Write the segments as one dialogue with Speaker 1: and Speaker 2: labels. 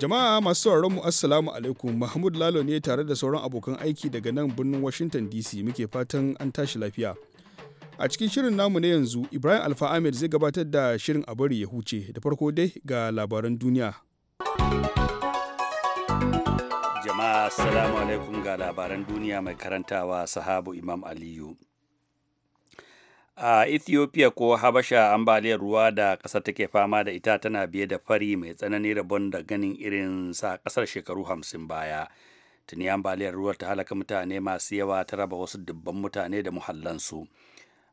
Speaker 1: Jama'a masu sauraron mu Assalamu alaikum Mahmud Lalo ne tare da sauran abokan aiki daga nan birnin Washington DC muke fatan an tashi lafiya. A cikin shirin namu na yanzu Ibrahim Alfa Ahmed zai gabatar da shirin a bari ya huce da farko dai ga labaran duniya.
Speaker 2: Jama'a Assalamu alaikum ga labaran duniya mai karantawa sahabu Imam Aliyu. a ethiopia ko habasha ambaliyar ruwa da ƙasar take fama da ita tana biye da fari mai tsanani rabon da ganin irin sa ƙasar shekaru hamsin baya tuni ambaliyar ruwa ta halaka mutane masu yawa ta raba wasu dubban mutane da muhallansu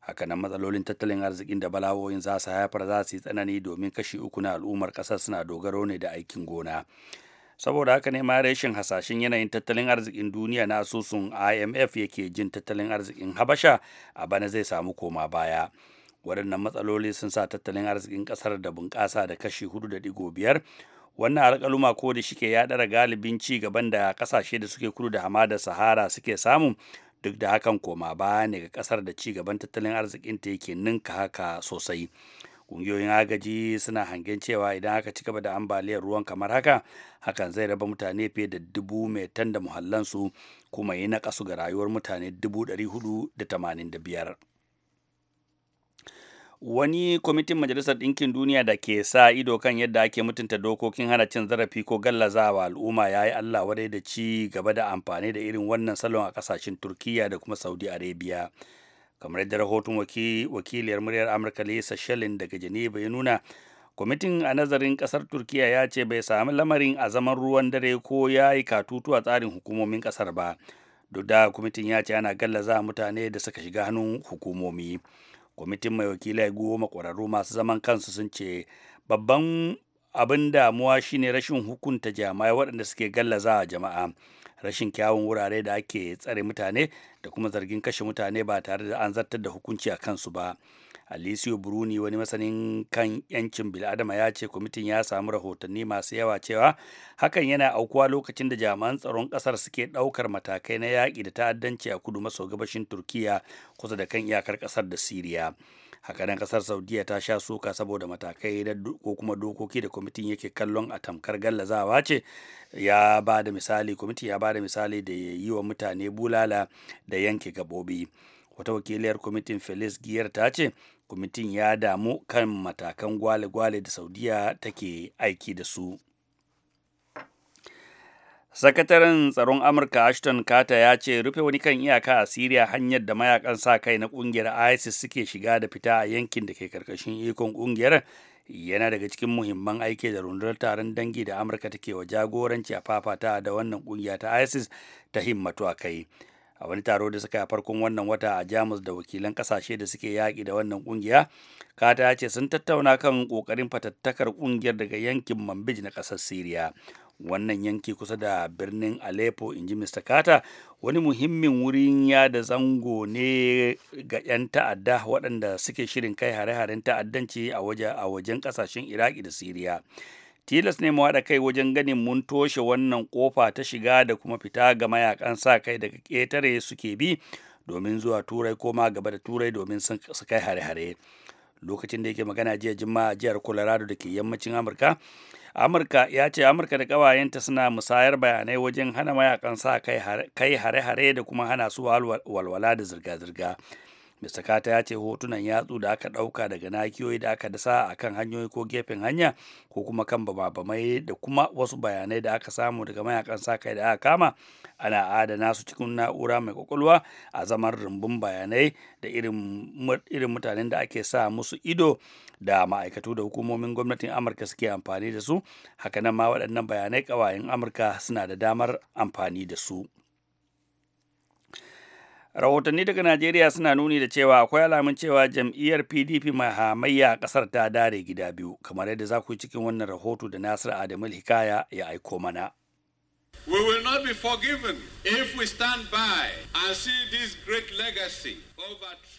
Speaker 2: hakanan matsalolin tattalin arzikin da balawoyin za su haifar za su yi tsanani domin kashi uku na al'ummar ƙasar suna dogaro ne da aikin gona saboda haka ne ma rashin hasashen yanayin tattalin arzikin duniya na asusun imf yake jin tattalin arzikin habasha a bana zai samu koma baya waɗannan matsaloli sun sa tattalin arzikin ƙasar da bunƙasa da kashi 4.5 wannan alƙaluma ko da shike ya ɗara galibin ci gaban da ƙasashe da suke kudu da hamada sahara suke samu duk da hakan koma baya ne ga ƙasar da ci gaban tattalin arzikinta yake ninka haka sosai ƙungiyoyin agaji suna hangen cewa idan aka ci gaba da ambaliyar ruwan kamar haka hakan zai raba mutane fiye da dubu mai tan da muhallansu kuma yi na kasu ga rayuwar mutane dubu ɗari hudu da tamanin da biyar wani kwamitin majalisar ɗinkin duniya da ke sa ido kan yadda ake mutunta dokokin hana cin zarafi ko gallazawa al'umma ya yi allah wadai da ci gaba da amfani da irin wannan salon a ƙasashen turkiyya da kuma saudi arabia kamar yadda rahoton wakiliyar muryar amurka lisa shalin daga geneva ya nuna kwamitin a nazarin kasar turkiya ya ce bai sami lamarin a zaman ruwan dare ko ya yi katutu a tsarin hukumomin kasar ba duk da kwamitin ya ce ana gallaza mutane da suka shiga hannun hukumomi kwamitin mai wakilai goma kwararru masu zaman kansu sun ce babban abin damuwa shine rashin hukunta jama'a waɗanda suke gallaza jama'a rashin kyawun wurare da ake tsare mutane da kuma zargin kashe mutane ba tare da an zartar da hukunci a kansu ba Alessio Bruni wani masanin kan yancin bil'adama ya ce kwamitin ya samu rahotanni masu yawa cewa hakan yana aukuwa lokacin da jami'an tsaron kasar suke daukar matakai na yaƙi da ta'addanci a kudu maso gabashin Turkiya kusa da kan iyakar kasar da Siriya. hakanan kasar saudiya ta sha suka saboda matakai ko kuma dokoki da kwamitin yake kallon a tamkar gallazawa ce ya ba da misali kwamiti ya ba da misali da ya yi wa mutane bulala da yanke gabobi wata wakiliyar kwamitin felis giyar ta ce kwamitin ya damu kan matakan gwale-gwale da saudiya take aiki da su Sakataren tsaron Amurka Ashton Carter ya ce rufe wani kan iyaka a Siriya hanyar da mayakan sa kai na kungiyar ISIS suke shiga da fita a yankin da ke karkashin ikon kungiyar yana daga cikin muhimman aiki da rundunar taron dangi da Amurka take wa jagoranci a fafata da wannan kungiya ta ISIS ta himmatu a kai. a wani taro da suka farkon wannan wata a jamus da wakilan kasashe da suke yaƙi da wannan ƙungiya kata ya ce sun tattauna kan ƙoƙarin fatattakar ƙungiyar daga yankin manbij na ƙasar siriya wannan yanki kusa da birnin aleppo in ji mr carter wani muhimmin wurin da zango ne ga 'yan ta'adda waɗanda suke shirin kai hare-haren ta'addanci a wajen ƙasashen iraki da siriya tilas ne mu kai wajen ganin mun toshe wannan ƙofa ta shiga da kuma fita ga mayakan sa kai daga ƙetare suke bi domin zuwa turai ko ma gaba da turai domin su kai hare-hare lokacin da yake magana jiya juma'a jihar colorado da ke yammacin amurka amurka ya ce amurka da ƙawayenta suna musayar bayanai wajen hana mayakan sa kai hare-hare da kuma hana su walwala da zirga-zirga Mr. Kata ya ce hotunan yatsu da aka ɗauka daga nakiyoyi da aka dasa a kan hanyoyi ko gefen hanya ko kuma kan bababamai da kuma wasu bayanai da aka samu daga mayakan sa kai da aka kama ana adana su cikin na'ura mai kwakwalwa a zaman rumbun bayanai da irin mutanen da ake sa musu ido da ma'aikatu da hukumomin gwamnatin amurka suke amfani da su hakanan ma waɗannan bayanai ƙawayen amurka suna da damar amfani da su. rahotanni daga najeriya suna nuni da cewa akwai alamun cewa jam'iyyar pdp mai hamayya ƙasar ta dare gida biyu kamar yadda za ku yi cikin wannan rahoto da nasir adamul hikaya ya
Speaker 1: aiko mana
Speaker 3: We will not be forgiven if we stand by and see this great legacy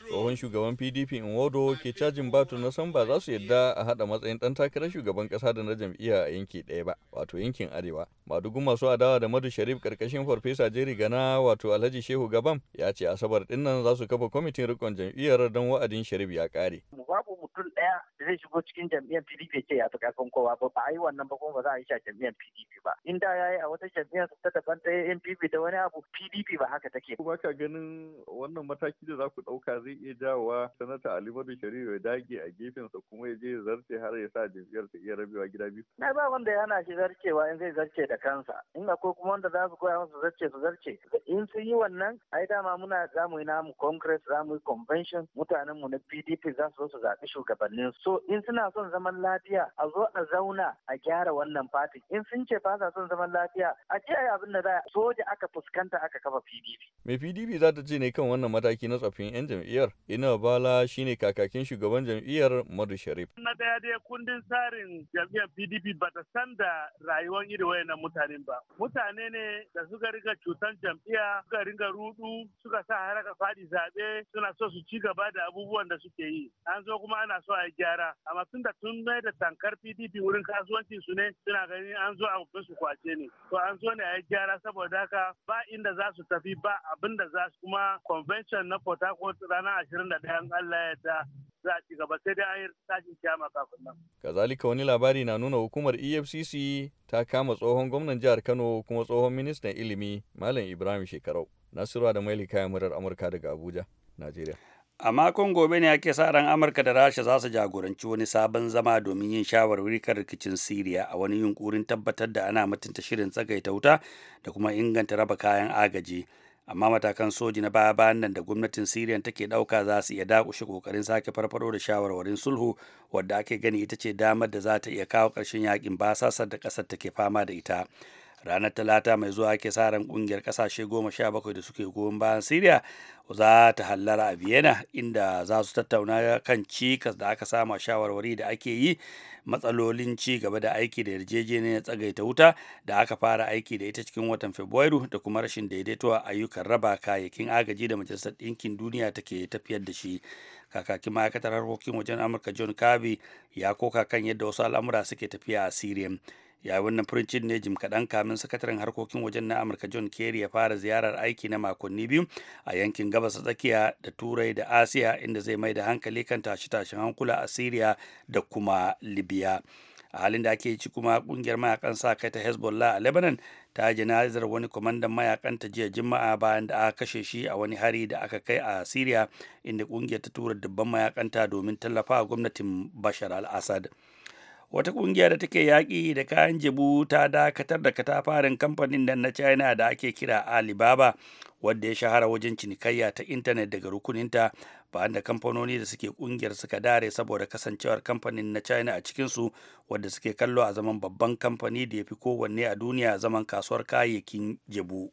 Speaker 1: Tsohon shugaban PDP Nwodo ke cajin batu na san ba za su yadda a haɗa matsayin ɗan takarar shugaban ƙasa da na jam'iyya a yanki ɗaya ba, wato yankin Arewa. Madugu masu adawa da Madu Sharif ƙarƙashin Farfesa Jerry Gana wato Alhaji Shehu Gaban, ya ce Asabar ɗin nan za su kafa kwamitin rikon jam'iyyar don wa'adin Sharif ya ƙare.
Speaker 2: mutum
Speaker 4: ɗaya da zai shigo cikin jam'iyyar PDP ce ya fi ƙarfin kowa ba ba a yi wannan ba kuma ba za a yi shi a jam'iyyar
Speaker 1: PDP ba in
Speaker 2: da ya yi a wata jam'iyyar su ta daban ta NPP da wani abu PDP ba haka
Speaker 1: take. Ba ka ganin wannan mataki da za ku ɗauka zai iya jawowa sanata Ali Madu Shari'u ya dage a gefensa kuma ya je zarce har ya sa jam'iyyar ta iya rabewa gida biyu.
Speaker 2: Na ba wanda yana shi zarcewa in zai
Speaker 4: zarce da kansa in akwai kuma wanda za su koya masa zarce su zarce in sun yi wannan ai dama muna za mu yi namu congress za mu yi convention mutanenmu na PDP za su zo su zaɓi shugaban shugabannin so in suna son zaman lafiya a zo a zauna a gyara wannan fatin in sun ce ba
Speaker 2: sa son zaman lafiya a ce abin da za soja aka fuskanta aka kafa PDP
Speaker 1: me PDP za ta ce ne kan wannan mataki na tsoffin yan jam'iyyar ina bala shine kakakin shugaban jam'iyyar Madu Sharif
Speaker 2: na daya dai kundin tsarin jam'iyyar PDP ba ta san da rayuwar irin wayannan mutanen ba mutane ne da suka riga cutan jam'iyya suka ringa rudu suka sa haraka fadi zaɓe suna so su ci gaba da abubuwan da suke yi an zo kuma ana so a yi gyara amma tun da tun mai da tankar pdp wurin kasuwanci su ne suna ganin an zo a su kwace ne to an zo ne a yi gyara saboda haka ba inda za su tafi ba abin da za su kuma convention na port harcourt ranar ashirin da ɗaya allah ya ta za a ci gaba sai dai an yi tashin kiyama kafin nan.
Speaker 1: kazalika wani labari na nuna hukumar efcc ta kama tsohon gwamnan jihar kano kuma tsohon ministan ilimi malam ibrahim shekarau nasiru da maili kayan murar amurka daga abuja najeriya a makon gobe ne ake sa ran amurka da rasha za su
Speaker 2: jagoranci wani sabon zama domin yin shawarwari kan rikicin siriya a wani yunkurin tabbatar da ana mutunta shirin tsagaita wuta da kuma inganta raba kayan agaji amma matakan soji na baya bayan nan da gwamnatin siriya take ɗauka za su iya dakushe kokarin sake farfado da shawarwarin sulhu wadda ake gani ita ce damar da za ta iya kawo ƙarshen yakin basasar da ƙasar take fama da ita ranar talata mai zuwa ake sa ran kungiyar kasashe goma sha bakwai da suke goyon bayan siriya za ta hallara a vienna inda za su tattauna kan cikas da aka sama shawarwari da ake yi matsalolin ci gaba da aiki da yarjejeniyar tsagaita wuta da aka fara aiki da ita cikin watan fabrairu da kuma rashin daidaituwa ayyukan raba kayayyakin agaji da majalisar ɗinkin duniya take tafiyar da shi kakakin ma'aikatar harkokin wajen amurka john kirby ya koka kan yadda wasu al'amura suke tafiya a syria ya wannan furincin ne jim kaɗan kamin sakataren harkokin wajen na amurka john kerry ya fara ziyarar aiki na makonni biyu a yankin gabas tsakiya da turai da asiya inda zai mai da hankali kan tashe-tashen hankula a syria da kuma libya a halin da ake ci kuma kungiyar mayakan sa kai ta hezbollah a lebanon ta jana'izar wani kwamandan mayakan ta jiya juma'a bayan da aka kashe shi a wani hari da aka kai a syria inda kungiyar ta tura dubban mayakanta domin tallafa gwamnatin bashar al-assad wata kungiya da take yaƙi da kayan jibu ta dakatar da katafarin kamfanin nan na china da ake kira alibaba wadda ya shahara wajen cinikayya ta intanet daga rukuninta ba da kamfanoni da suke kungiyar suka dare saboda kasancewar kamfanin na china a cikinsu wadda suke kallo a zaman babban kamfani da ya fi kowanne a duniya zaman kasuwar kayayyakin jibu.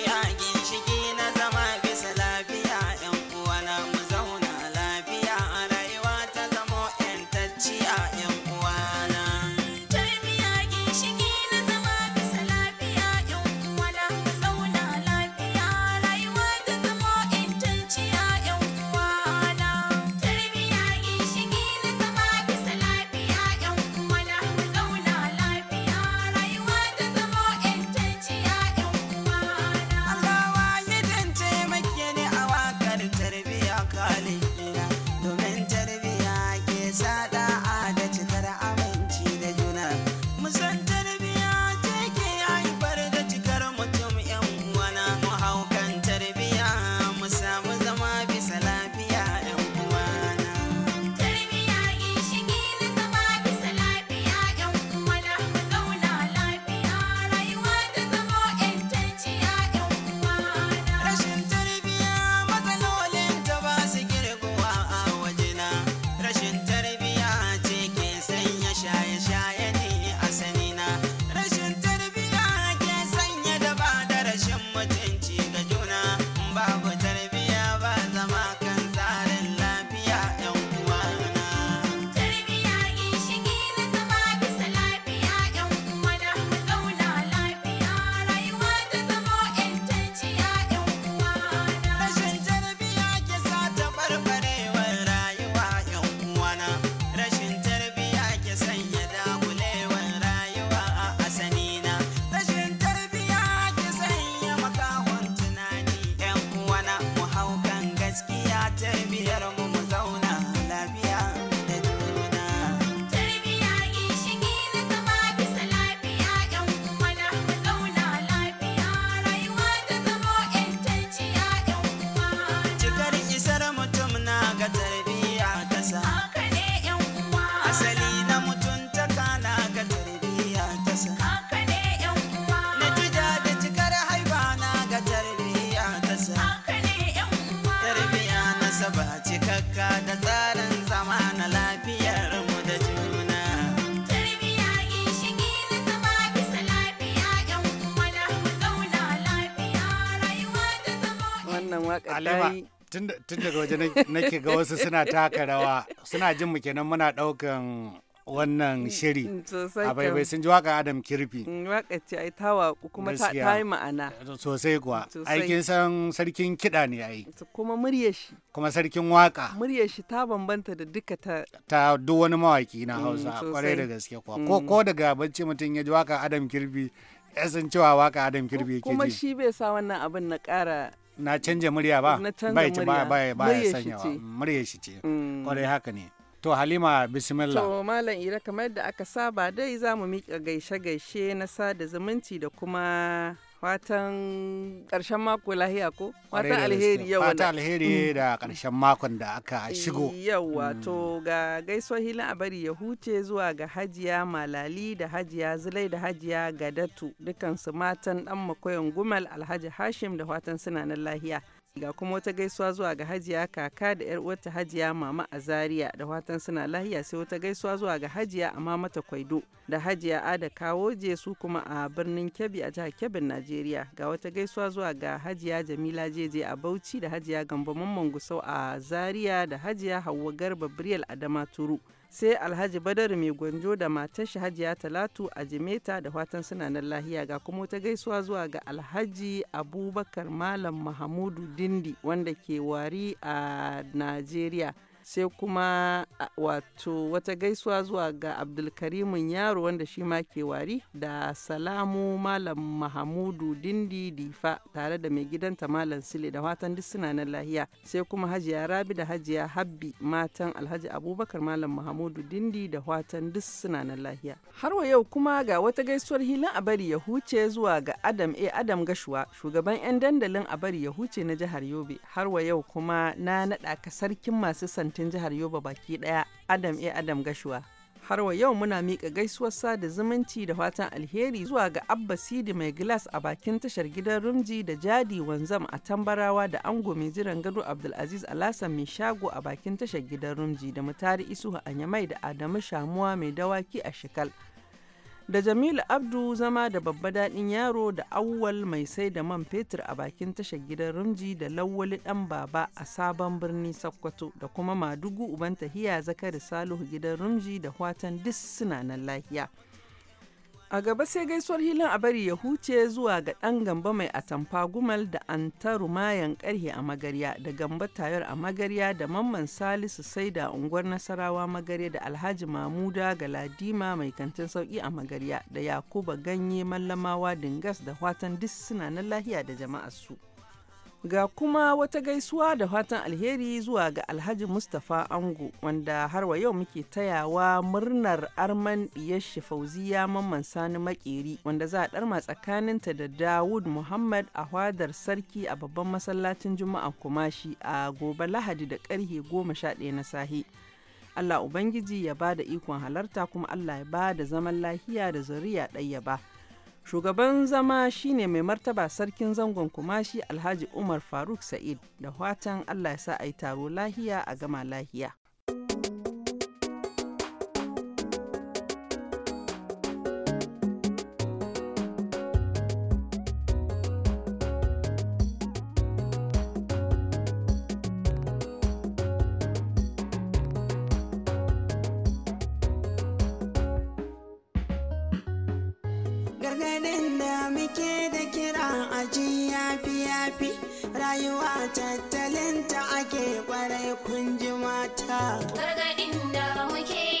Speaker 5: tun daga waje nake ga wasu suna taka rawa
Speaker 4: suna jin mu kenan muna daukan wannan mm, shiri mm, a baibai sun ji waka adam kirfi mm,
Speaker 5: waka ce ai ta waku kuma ta yi ma'ana
Speaker 4: sosai kuwa aikin san sarkin kiɗa ne ai kuma murya shi kuma sarkin waka
Speaker 5: Murya shi ta bambanta da duka ta
Speaker 4: ta duk wani mawaki na hausa kwarai da gaske kuwa ko ko daga bacci mutum ya ji waka adam kirfi ya san cewa waka adam kirfi yake ji kuma shi
Speaker 5: bai sa wannan abin na ƙara
Speaker 4: na canja murya ba bai ci ba bai ba ya sanya murya shi ce mm. kwarai haka ne to halima bismillah to
Speaker 5: malam ira kamar da aka saba dai za mu miƙa gaishe gaishe na sada zumunci da kuma fatan ƙarshen mako lahiya ko? fatan alheri yau fatan alheri mm.
Speaker 4: da ƙarshen makon da aka shigo.
Speaker 5: yau wato mm. ga gaisuwar hilin a bari ya huce zuwa ga hajiya malali da hajiya zulai da hajiya gadatu dukansu matan dan makoyan gumal alhaji hashim da fatan suna nan lahiya. Ga kuma wata gaisuwa zuwa ga Hajiya kaka da 'yar uwarta Hajiya Mama a Zaria da watan suna lahiya sai wata gaisuwa zuwa ga Hajiya Amma mata Kwaido da Hajiya Ada Kawoje su kuma a birnin Kebbi a jihar Kebbin Najeriya. Ga wata gaisuwa zuwa ga Hajiya Jamila Jeje a Bauchi da Hajiya Gambo Mamman Gusau a Zaria da Hajiya Hauwa Garba biriyal adama turu. sai alhaji badar mai gwanjo da matar shi hajiya talatu a jimeta da fatan suna nan lahiya ga kuma ta gaisuwa zuwa ga alhaji abubakar malam mahamudu dindi wanda ke wari a najeriya sai kuma wato wata gaisuwa zuwa ga abdulkarimin yaro wanda shi ma ke wari da salamu malam mahamudu dindi difa tare da mai gidanta malam sile da watan duk suna nan lahiya sai kuma hajiya rabi da hajiya habbi matan alhaji abubakar malam mahamudu dindi da watan duk suna nan lahiya har wa yau kuma ga wata gaisuwar hilin a bari ya huce zuwa ga adam a eh, adam gashuwa shugaban yan dandalin a bari ya huce na jihar yobe har wa yau kuma na naɗa ka sarkin masu san kantin jihar Yoba baki ɗaya Adam A. Adam Gashuwa. Har wa yau muna miƙa gaisuwar sada zumunci da fatan alheri zuwa ga Abba Sidi mai gilas a bakin tashar gidan Rumji da Jadi Wanzam a Tambarawa da Ango mai jiran gado Abdulaziz Alasan mai shago a bakin tashar gidan Rumji da Mutari Isuhu Anyamai da Adamu Shamuwa mai dawaki a Shikal. da Jamilu Abdu zama da babba daɗin yaro da awwal mai sai da man fetur a bakin tashar gidan Rumji da Lawwali ɗan baba a sabon birni Sokoto da kuma Madugu Uban Tahiya Zakari Salihu gidan Rumji da Watan dis suna nan lahiya. A gaba sai gaisuwar hilin a bari ya huce zuwa ga ɗan gamba mai atamfa gumal da an taru mayan ƙarhe a magarya da gamba tayar a magarya da mamman salisu sai da unguwar nasarawa magarya da alhaji mamuda ga ladima mai kantin sauki a magarya da yakuba ganye mallamawa dingas da watan duk suna na lahiya da jama'ar su. Ga kuma wata gaisuwa da fatan alheri zuwa ga Alhaji Mustapha Ango wanda har wa yau muke tayawa murnar arman shi Fauziya Mamman Sani Makeri wanda za a ɗarma tsakaninta da Dawud Muhammad a hwadar sarki a babban masallacin Juma'a Kumashi a gobe Lahadi da ƙarhe goma sha ɗaya na sahi. Allah Ubangiji ya ba da ikon halarta kuma Allah ya ba da zaman lahiya da zuriya ɗaya ba. shugaban zama shine mai martaba sarkin zangon kumashi alhaji umar faruk sa'id da watan allah ya sa a yi taro lahiya a gama lahiya
Speaker 3: rayuwa tattalin ta ake kwarai kun ji mata gargaɗin da muke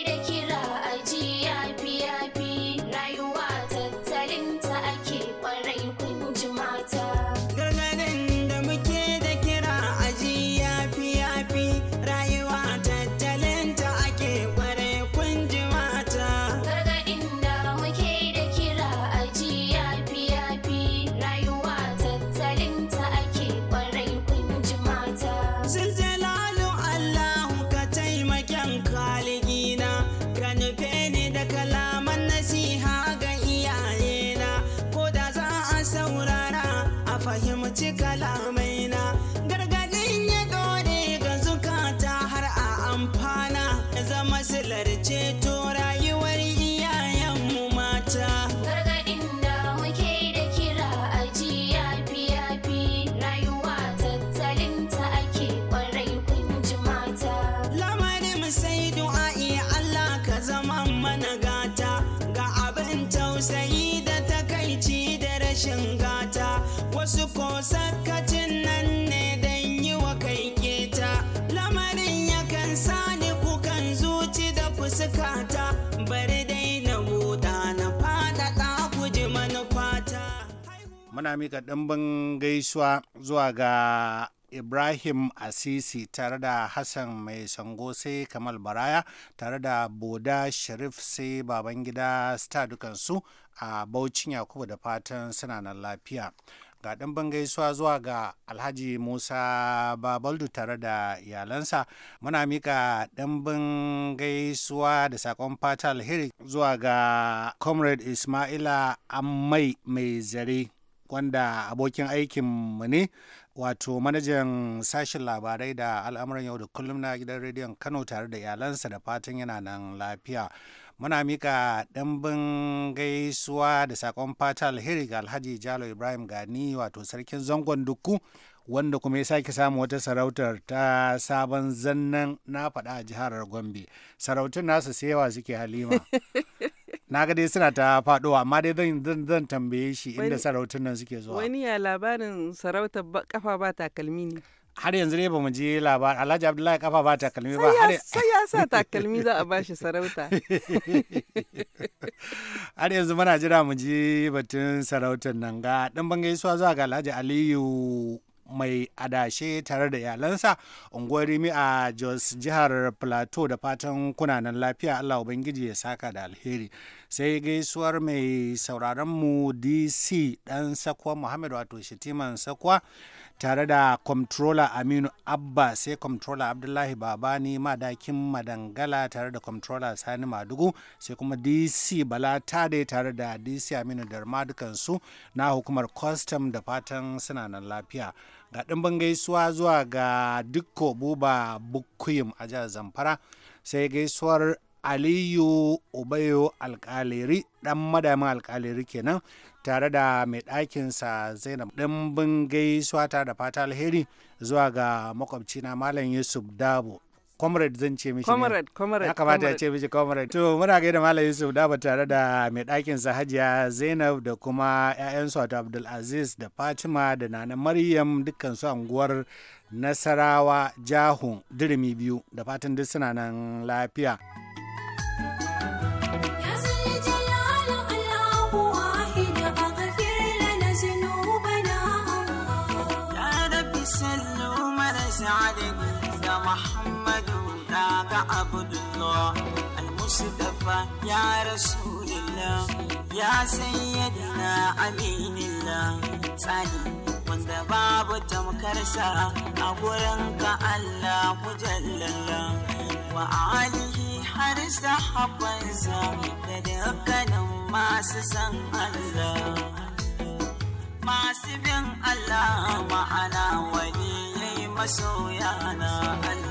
Speaker 4: muna mika ɗimbin gaisuwa zuwa ga Ibrahim Asisi tare da Hassan mai sango sai Kamal Baraya tare da Boda Sharif sai Babangida Star dukansu a Baucin Yakubu da fatan suna nan lafiya. Ga ɗan gaisuwa zuwa ga Alhaji Musa Babaldu tare da iyalansa muna mika ɗan gaisuwa da sakon fata alheri zuwa ga Comrade Ismaila Ammai mai zare wanda abokin aikin mu ne wato manajan sashen labarai da al'amuran yau da kullum na gidan rediyon kano tare da iyalansa da fatan yana nan lafiya muna mika ɗimbin gaisuwa da sakon fata alheri ga alhaji jalo ibrahim gani wato sarkin zangon duku wanda kuma ya sake samu wata sarautar ta sabon zannan na faɗa a jihar gombe sarautun nasu sai yawa suke halima na ga dai suna ta faduwa amma dai zan zan tambaye shi inda sarautun nan suke zuwa wani
Speaker 5: ya labarin sarauta kafa ba takalmi ne
Speaker 4: har yanzu ne bamu je labar Alhaji Abdullahi kafa ba takalmi ba har
Speaker 5: sai ya sa takalmi za a bashi sarauta
Speaker 4: har yanzu muna jira mu je batun sarautun nan ga dan suwa zuwa ga Alhaji Aliyu mai adashe tare da iyalansa unguwar rimi a jos jihar plateau da fatan kunanan lafiya allah ubangiji ya saka da alheri sai gaisuwar mai mu dc dan sakwa muhammad wato shitiman sakwa tare da comptroller aminu abba sai comptroller abdullahi babani madakin madangala tare da comptroller sani madugu sai kuma dc bala tade tare da dc aminu darma dukansu na hukumar custom da fatan suna nan lafiya ga ɗimbin gaisuwa zuwa ga dukko buba bukuyim a jihar zamfara sai gaisuwar aliyu ubayo alkaliri dan madamin alkaliri kenan tare da mai ɗakinsa zainab ɗimbin gaisuwa tare da fata alheri zuwa ga makwabcina malam yusuf dabo comrade zan ce mishi comrade comrade ya kamata ya ce mishi comrade to muna gaida malam yusuf dabo tare da mai ɗakin sa hajiya zainab da kuma su wato abdulaziz da fatima da nana maryam dukkan su anguwar nasarawa jahun dirimi biyu da fatan duk suna nan lafiya.
Speaker 3: Mustafa ya Rasulullah ya sayyadina aminillah tsani wanda babu tamkarsa a ka Allah mujallala wa alihi har sahabansa da dukkanin masu san Allah masu bin Allah ma'ana wani yayi masoya na Allah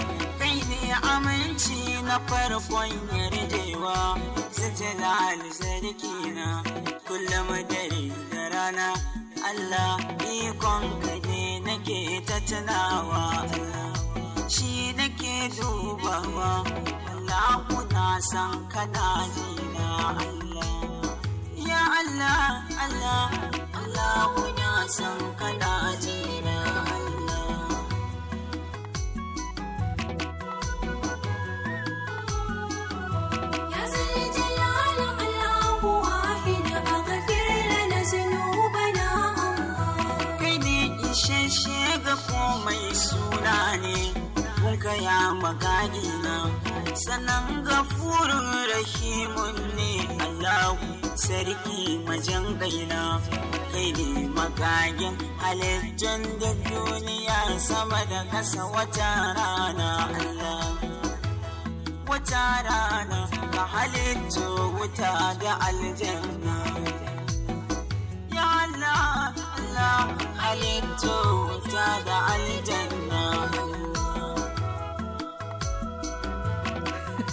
Speaker 3: mai aminci na farkon yarjewa sirjala da na kullum dare da rana Allah ikon kade nake ta tunawa shi nake dubawa Allah kuna san kana jina Allah ya Allah Allah Allah kuna san kana jina mai suna ne kuka ya magadi na sannan gafurun rahimun ne allahu sarki majan gaina kai ne magagin halittar da duniya sama da kasa wata rana allah wata rana ka halitto wuta da aljanna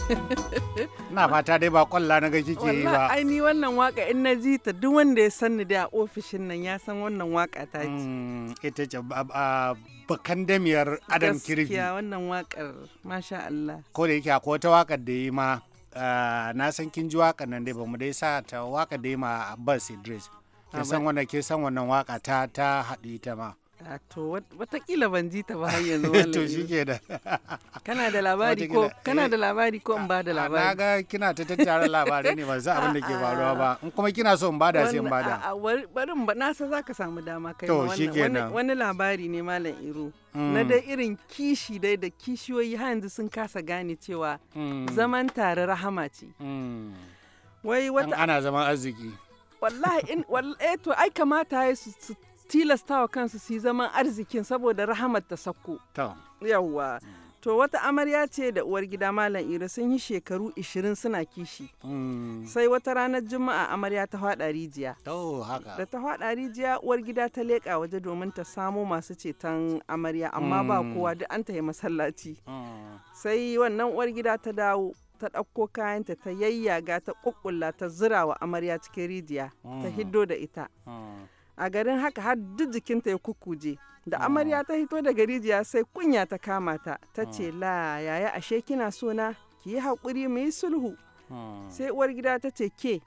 Speaker 4: na fata dai ba kwalla na ga kike yi ba ai
Speaker 5: ni wannan waka in na ji ta duk wanda ya sanni da ofishin nan ya san wannan waka ta ce mm, ita ce bakan damiyar adam kirbi gaskiya wannan wakar masha Allah ko da yake
Speaker 4: akwai wata wakar da yi ma eh, na san kin ji wakar nan dai ba mu dai sa ta wakar da yi ma Abbas Idris ke ah, san wannan ke san wannan waka ta ta haɗu ta ma
Speaker 5: ah, to watakila ban ji ta ba yanzu wallahi eh, to shike da kana da labari ko kana eh, da
Speaker 4: labari ko in ba da labari na ga kina ta tattara labarai ne ban san abin da ke faruwa ba in kuma kina so in da. sai in da
Speaker 5: bari ba na san zaka samu dama kai wannan wani labari ne malam Iro mm. na dai irin kishi dai da kishiyoyi har yanzu sun kasa gane cewa mm. zaman tare rahama ce mm. wai wata ana zaman arziki wallahi in wallahi eh, to ai kamata ya su tilasta wa kansu su yi zaman arzikin saboda rahamar ta sakko yawwa mm. to wata amarya ce da uwar gida malam Iro sun yi shekaru 20 suna kishi mm. sai wata ranar juma'a amarya ta faɗa rijiya da ta faɗa rijiya uwar gida ta leƙa waje domin ta samo masu ceton amarya amma ba mm. kowa duk an tafi masallaci sai wannan uwar gida ta dawo ta ɗauko kayanta ta yayyaga ta ƙuƙƙulla ta zira wa amarya cikin rijiya
Speaker 3: ta mm. hiddo
Speaker 5: da ita mm. a garin haka har duk jikinta ya kukuje da mm. amarya ta hito daga rijiya sai kunya ta kama ta ta ce la yaya ashe kina sona ki yi haƙuri mu yi sulhu sai uwar gida ta ce ke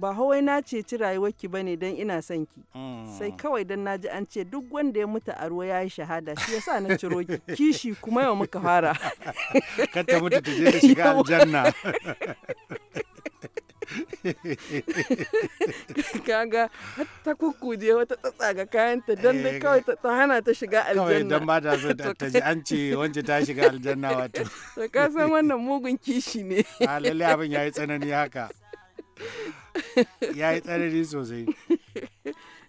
Speaker 5: ba hawai na ceci rayuwarki ba ne don ina son ki hmm. sai kawai don naji an ce duk wanda ya mutu a ruwa ya yi shahada shi yasa na ciro kishi kuma yau muka fara kar ta mutu ta je ta shiga aljanna kaga ta kukkuje wata tsatsa eh, ga kayanta don da kawai ta hana ta shiga aljanna kawai don
Speaker 4: ba ta so ta ji an ce wance ta shiga aljanna wato to
Speaker 5: ka san wannan
Speaker 4: mugun
Speaker 3: kishi ne a ah, lalle abin yayi
Speaker 4: tsanani haka ya yi tsanani sosai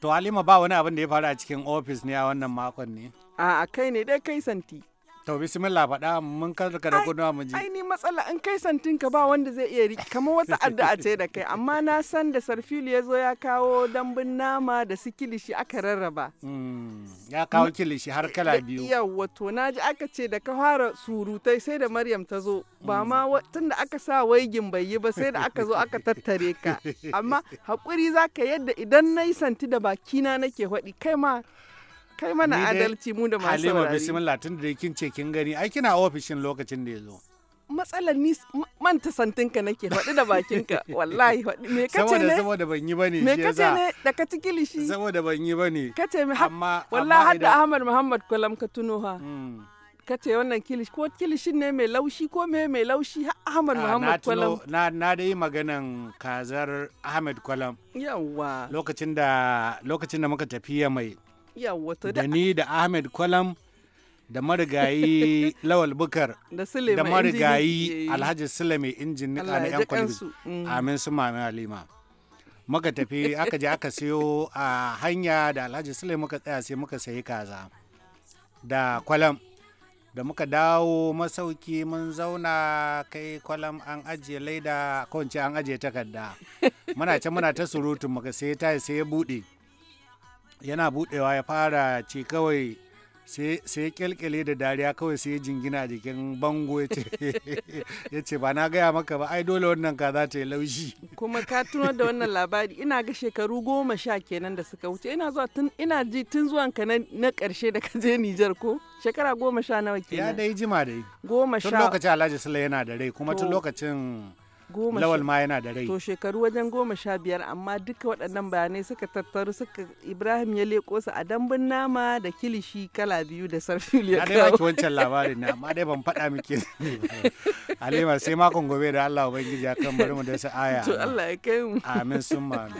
Speaker 4: to halima ba wani abin da ya faru a cikin ofis ne a wannan makon ne
Speaker 5: a kai ne dai kai santi
Speaker 4: To bismillah labaɗa mun ka da kunuwa mu ji.
Speaker 5: aini matsala in kai santin ka ba wanda zai iya riki kamar wata addu'a ce da kai amma na san da Sarfilu ya zo ya kawo dambun nama da su kilishi aka rarraba. Hmm, ya kawo
Speaker 4: kilishi har kala biyu.
Speaker 5: Yawwa to na ji aka ce da ka fara surutai sai da Maryam ta zo ba ma tun da aka sa waigin bai yi ba sai da aka zo aka tattare ka amma haƙuri za yadda idan na yi santi da bakina nake faɗi kai ma kai mana adalci
Speaker 4: mu da masu Halima bismillah tun da kin ce kin gani ai kina ofishin lokacin da ya zo.
Speaker 5: Matsalar ni manta santinka nake faɗi da bakinka wallahi faɗi me kace ne saboda
Speaker 4: ban yi bane me kace ne
Speaker 5: da ka tikili shi saboda
Speaker 4: ban yi bane
Speaker 5: kace me amma wallahi hadda Ahmad Muhammad Kulam ka tuno ha hmm. ka ce wannan kilish ko kilishin ne mai laushi ko me mai laushi Ahmad ah, Muhammad Kwalam.
Speaker 4: Na na da yi maganan kazar Ahmad Kwalam.
Speaker 5: yawa
Speaker 4: Lokacin da lokacin da muka tafi mai
Speaker 5: yawa da
Speaker 4: ni da ahmed kwalam da marigayi lawal bukar
Speaker 5: da marigayi alhaji
Speaker 4: sule injin nika na yan kwalbi mm. amin su mami halima muka tafi aka je aka siyo a hanya da alhaji sule muka tsaya sai muka sayi kaza da kwalam da muka dawo masauki mun zauna kai kwalam an ajiye laida kawance an ajiye takarda muna can muna ta surutu muka sai ta sai ya buɗe yana budewa ya fara ce kawai sai kyalkyale da dariya kawai sai jingina a jikin bango ya ce ba na gaya maka ba ai dole wannan ka za ta yi laushi
Speaker 5: kuma ka tuno da wannan labari ina ga shekaru goma sha kenan da suka wuce ina zuwa tun ina ji tun zuwan ka na karshe da ka je Nijar ko shekara goma sha nawa kenan ya dai jima dai goma sha tun lokacin
Speaker 4: Alhaji sula yana da rai kuma tun lokacin
Speaker 5: goma lawal ma yana da rai to shekaru wajen goma sha biyar amma duka waɗannan bayanai suka tattaru suka ibrahim ya leko su a dambun nama da kilishi kala biyu da sarfil ya kawo na dai wancan
Speaker 4: labarin na amma dai ban faɗa miki alima sai makon gobe da allah ubangiji ya kan bari mu da aya to allah
Speaker 3: ya kai mu amin summa amin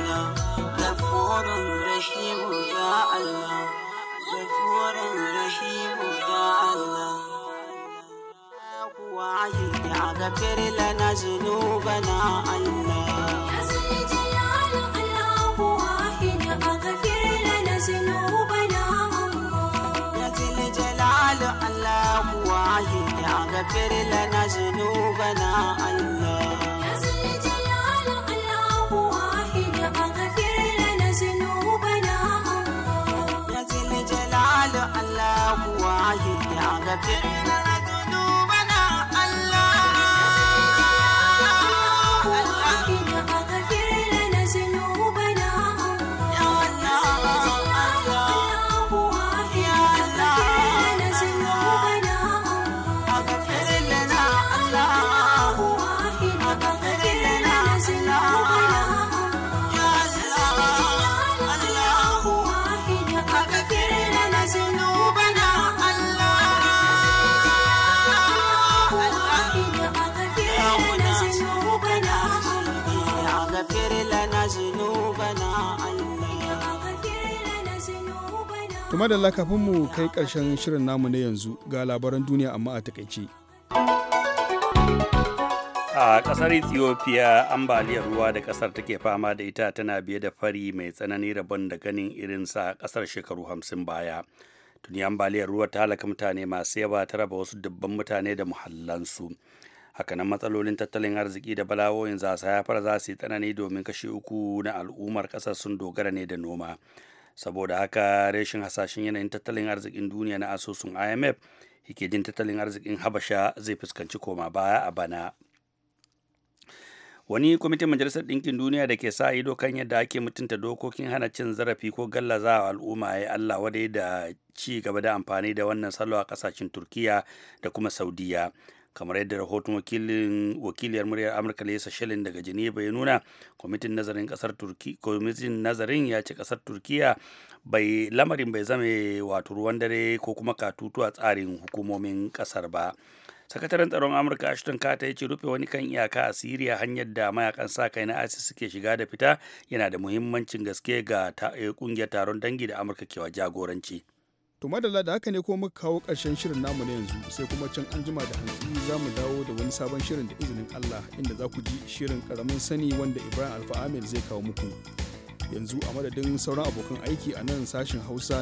Speaker 3: فاغفر لنا ذنوبنا الله يا ذا الجلال الله واحد اغفر لنا ذنوبنا الله يا ذا الجلال الله واحد اغفر لنا ذنوبنا الله يا ذا الجلال الله واحد اغفر لنا ذنوبنا الله يا ذا الجلال الله واحد اغفر لنا
Speaker 1: madalla kafin mu kai karshen shirin namu na yanzu ga labaran duniya amma a takaice.
Speaker 2: a ƙasar ethiopia ambaliyar ruwa da kasar take fama da ita tana biye da fari mai tsanani rabon da ganin irinsa a kasar shekaru hamsin baya tuni ambaliyar ruwa ta halaka mutane masu yaba ta raba wasu dubban mutane da muhallansu hakanan matsalolin tattalin arziki da balawoyin zasu ya haifar za su yi tsanani domin kashe uku na al'ummar kasar sun dogara ne da noma saboda haka reshin hasashen yanayin tattalin arzikin duniya na asusun imf yake jin tattalin arzikin habasha zai fuskanci koma baya a bana wani kwamitin majalisar ɗinkin duniya da ke sa ido kan yadda ake mutunta dokokin hana cin zarafi ko wa al'umma ya allah wadai da ci gaba da amfani da wannan salo a ƙasashen turkiya da kuma saudiya kamar yadda rahoton wakiliyar muryar amurka lesa shalin daga geneva ya nuna kwamitin nazarin kasar turki kwamitin nazarin ya ce kasar turkiya bai lamarin bai zame wato ruwan dare ko kuma katutu a tsarin hukumomin kasar ba sakataren tsaron amurka ashton kata ya ce rufe wani kan iyaka a siriya hanyar da mayakan sa kai na isis suke shiga da fita yana da muhimmancin gaske ga kungiyar eh, taron dangi da amurka kewa jagoranci
Speaker 1: To madalla da haka ne ko muka kawo ƙarshen shirin namu na yanzu sai kuma can an jima da hantsi za mu dawo da wani sabon shirin da izinin Allah inda za ku ji shirin ƙaramin sani wanda Ibrahim Alfa zai kawo muku. Yanzu a madadin sauran abokan aiki a nan sashin Hausa